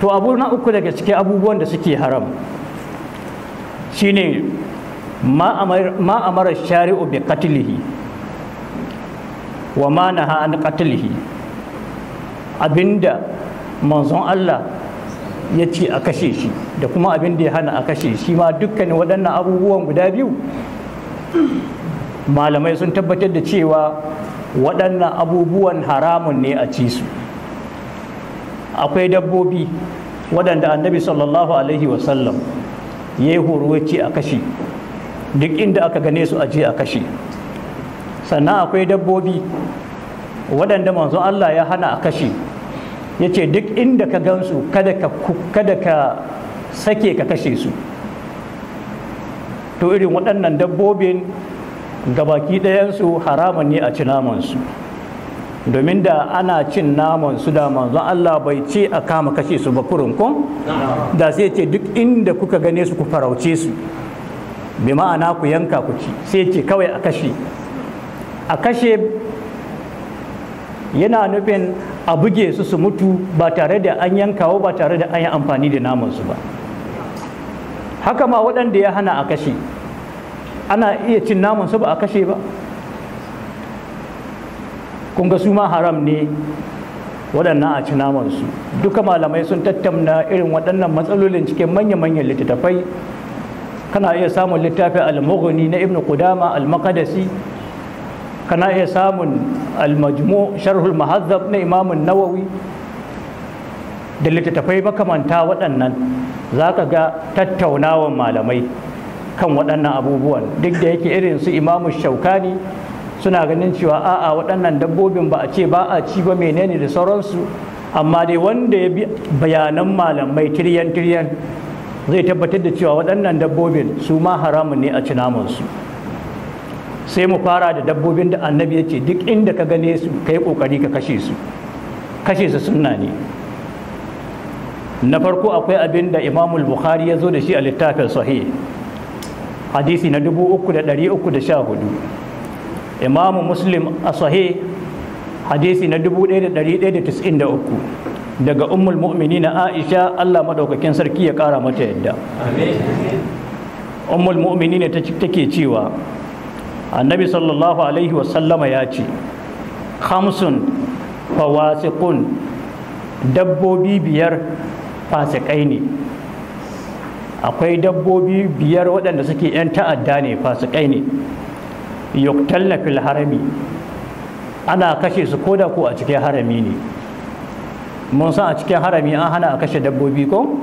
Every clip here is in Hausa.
to abu na uku daga cikin abubuwan da suke haram shine ma amara shari'u bi qatlihi wa ma naha an qatlihi abinda manzon Allah ya ce a kashe shi da kuma abinda ya hana a kashe shi ma dukkanin waɗannan abubuwan guda biyu malamai sun tabbatar da cewa waɗannan abubuwan haramun ne a ci su akwai dabbobi waɗanda annabi sallallahu alaihi wasallam ya yi horoci a kashi duk inda aka gane su aje a kashi sannan akwai dabbobi waɗanda manzon Allah ya hana a kashi ya ce duk inda ka gansu kada ka sake ka kashe su to irin waɗannan dabbobin gabaki ɗayansu haramun ne a ci namansu domin da ana cin naman su da manzon Allah bai ce a kama kashe su ba kurun kun da sai ce duk inda kuka gane su ku farauce su bi ma'ana ku yanka ku ci sai ce kawai a kashe a kashe yana nufin a buge su su mutu ba tare da an yankawa ba tare da an yi amfani da naman su ba haka ma waɗanda ya hana a kashe ana iya cin naman su ba a kashe ba kun ga su ma haram ne waɗannan a ci namansu duka malamai sun tattauna irin waɗannan matsalolin cikin manya-manyan littattafai kana iya samun littafin al-mughni na ibn qudama al-maqdisi kana iya samun al-majmu sharhul muhazzab na imam nawawi da littattafai makamanta waɗannan zaka ga tattaunawan malamai kan waɗannan abubuwan duk da yake irin su imamu shaukani suna ganin cewa a'a waɗannan dabbobin ba a ce ba a ci ba menene da sauransu amma dai wanda ya bi bayanan malamai tiryan tiryan zai tabbatar da cewa waɗannan dabbobin su ma haramun ne a ci namansu sai mu fara da dabbobin da annabi ya ce duk inda ka gane su ka yi ƙoƙari ka kashe su kashe su sunna ne na farko akwai abin da imamul bukhari ya zo da shi a littafin sahih hadisi na dubu uku da da sha hudu. imamu muslim a sahi hadisi na 1193 daga ummul mu'mini na aisha allah maɗaukakin sarki ya ƙara mata yadda ummul mu'mini ne take cewa annabi sallallahu alaihi wasallama ya ce hamsun fawasiqun dabbobi biyar fasikai ne akwai dabbobi biyar waɗanda suke 'yan ta'adda ne fasikai ne yuktalla fil harami ana kashe su koda ko a cikin harami ne mun san a cikin harami an hana a kashe dabbobi ko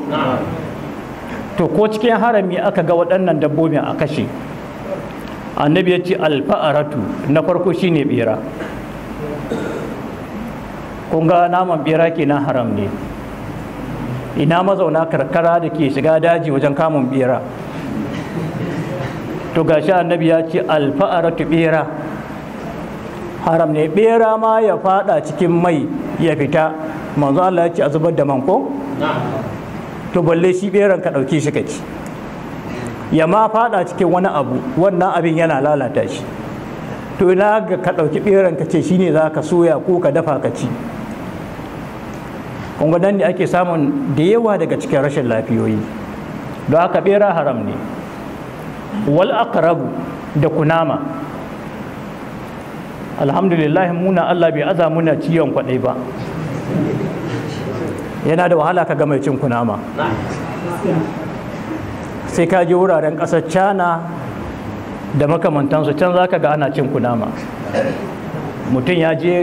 to ko cikin harami aka ga waɗannan dabbobi a kashe annabi ya ce alfa'aratu na farko shine bera kun ga naman bera kenan haram ne ina mazauna karkara da ke shiga daji wajen kamun bera to gashi annabi ya ce alfa'aratu bera haram ne bera ma ya fada cikin mai ya fita manzo Allah ya ce a zubar da manko to balle shi beran ka dauke shi kaci ya ma fada cikin wani abu wannan abin yana lalata shi to ina ga ka dauki beran ka ce shine za ka soya ko ka dafa ka ci kun nan ne ake samun da yawa daga cikin rashin lafiyoyi don haka bera haram ne wal aqrabu da kunama alhamdulillah muna Allah bai aza muna ciyon kwaɗai ba yana da wahala ka ga mai cin kunama sai ka je wuraren ƙasar cana da makamantansu can za ka ga ana cin kunama mutum ya je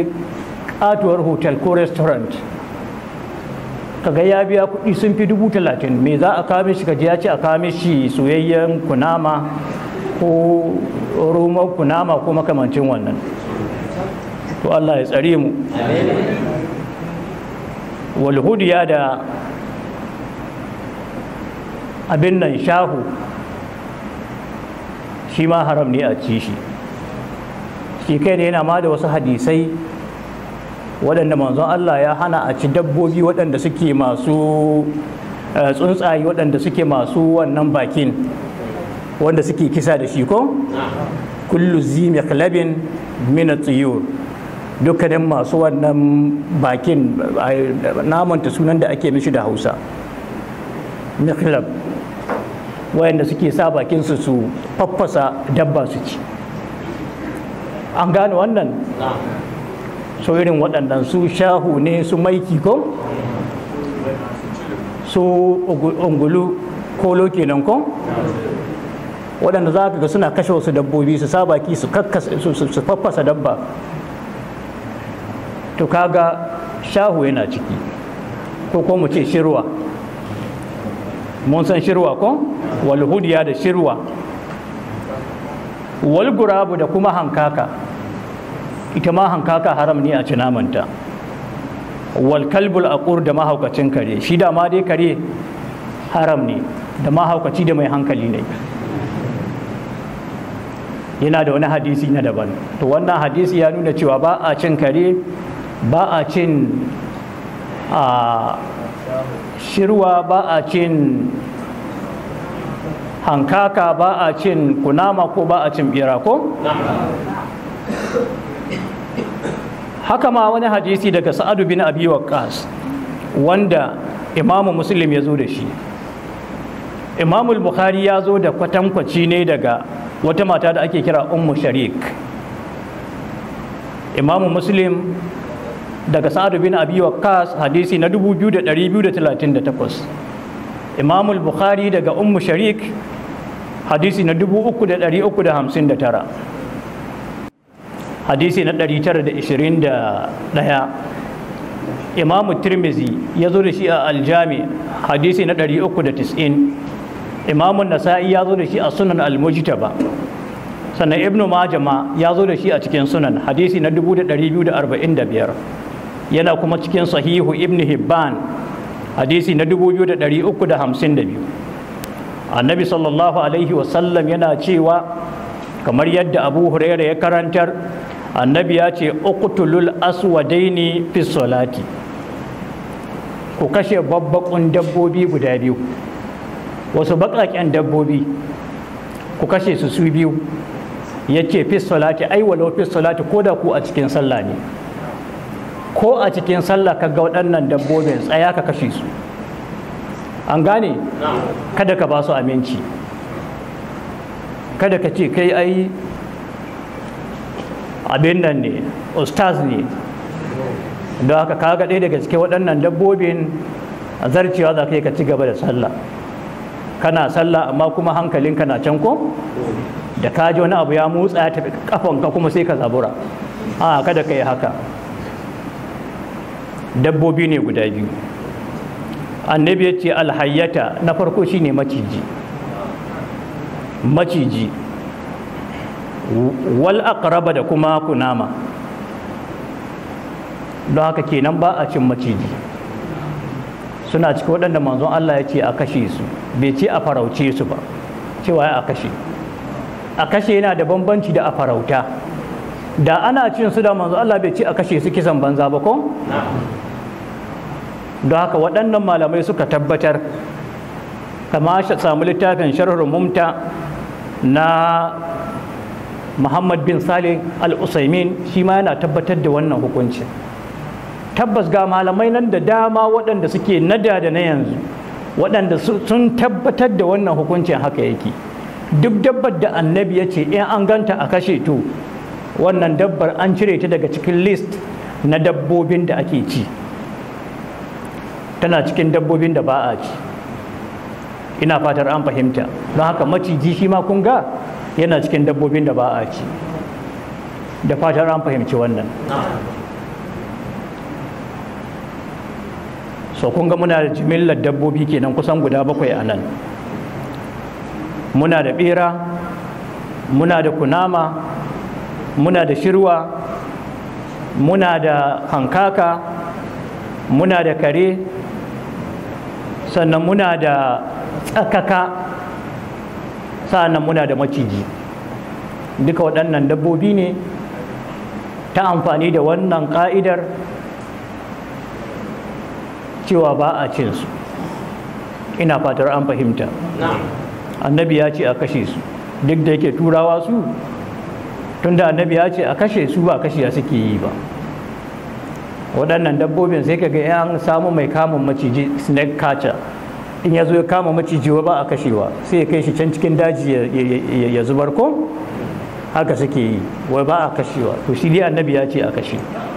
katuwar hotel ko restaurant ka ga ya biya kuɗi sun fi dubu talatin me za a kame shi kaji ya ce a kame shi soyayyen kunama ko romar kunama ko makamancin wannan to Allah ya tsare mu walhudiya da abin nan shahu shi ma haram ne a ci shi shi kai ne yana ma da wasu hadisai waɗanda manzon Allah ya hana a ci dabbobi waɗanda suke masu eh, tsuntsaye waɗanda suke masu wannan bakin wanda suke kisa da shi ko kullu zimi miqlabin min at-tuyur dukkanin masu wannan bakin namanta sunan da ake mishi da Hausa miklab wayanda suke sa bakin su su faffasa dabba su ci an gane wannan so irin waɗannan su shahu ne su maiki ko su ungulu ko kenan ko waɗanda za ka ga suna kashe wasu dabbobi su saba ki su faffasa dabba to kaga shahu yana ciki ko ko ce shirwa mun san shirwa ko walhudiya da shirwa walgurabu da kuma hankaka ita ma hankaka haram ne a ci namanta wal kalbul aqur da mahaukacin kare shi da ma dai kare haram ne da mahaukaci da mai hankali ne yana da wani hadisi na daban to wannan hadisi ya nuna cewa ba a cin kare ba a cin a shirwa ba a cin hankaka ba a cin kunama ko ba a cin birako? haka ma wani hadisi daga sa'adu bin abi waqqas wanda imamu muslim ya zo da shi imamu bukhari ya zo da kwatankwaci ne daga wata mata da ake kira ummu sharik imamu muslim daga sa'adu bin abi waqqas hadisi na 2238 imamu al-bukhari daga ummu sharik hadisi na 3359 hadisi na 921 imamu tirmizi ya zo da shi a aljami hadisi na 390 imamun nasa'i ya zo da shi a sunan almujtaba sannan ibnu majama ya zo da shi a cikin sunan hadisi na 2245 yana kuma cikin sahihu ibnu hibban hadisi na 2352 annabi sallallahu alaihi wasallam yana cewa kamar yadda abu huraira ya karantar annabi ya ce uqtulul aswadaini fi salati ku kashe babbakun dabbobi guda biyu wasu baƙaƙen dabbobi ku kashe su su biyu ya ce fi salati ai walau fi salati ko da ku a cikin sallah ne ko a cikin sallah ka ga waɗannan dabbobin tsaya ka kashe su an gane kada ka ba su aminci kada ka ce kai ai abin nan ne ustaz ne don haka kaga ɗaya daga cikin waɗannan dabbobin zarcewa za ka yi ka ci gaba da sallah kana sallah amma kuma hankalinka na can ko da ka ji wani abu ya motsa ya tafi ka kuma sai ka zabura a kada ka yi haka dabbobi ne guda biyu annabi ya ce alhayyata na farko shine maciji maciji wal aqraba da kuma kunama don haka kenan ba a cin maciji suna cikin waɗanda manzon Allah ya ce a kashe su bai ce a farauce su ba cewa a kashe a kashe yana da bambanci da a farauta da ana cin su da manzon Allah bai ce a kashe su kisan banza ba ko don haka waɗannan malamai suka tabbatar kama samu littafin sharhul mumta na muhammad bin Salim al-usaimin shi ma yana tabbatar da wannan hukunci tabbas ga malamai nan da dama waɗanda suke nada da na yanzu waɗanda sun tabbatar da wannan hukuncin haka yake duk dabbar da annabi ya ce in eh, an ganta a kashe to wannan dabbar an cire ta daga cikin list na dabbobin da ake ci tana cikin dabbobin da ba a ci ina fatar an fahimta don haka maciji shi ma kun ga yana cikin dabbobin da ba a ci da fatan an fahimci wannan so kun ga muna da jimillar dabbobi kenan kusan guda bakwai a nan muna da bera muna da kunama muna da shirwa muna da hankaka muna da kare sannan muna da tsakaka nan muna da maciji duka waɗannan dabbobi ne ta amfani da wannan ƙa'idar cewa ba a cinsu ina fatar an fahimta annabi ya ce a kashe su duk da yake turawa su tunda annabi ya ce a kashe su ba kashiya suke yi ba waɗannan dabbobin sai ka ga an samu mai kamun maciji snake catcher in ya zo ya kama maciji ba a kashewa sai ya kai shi can cikin daji ya zubar ko haka suke yi wai ba a kashewa to shi dai annabi ya ce a kashe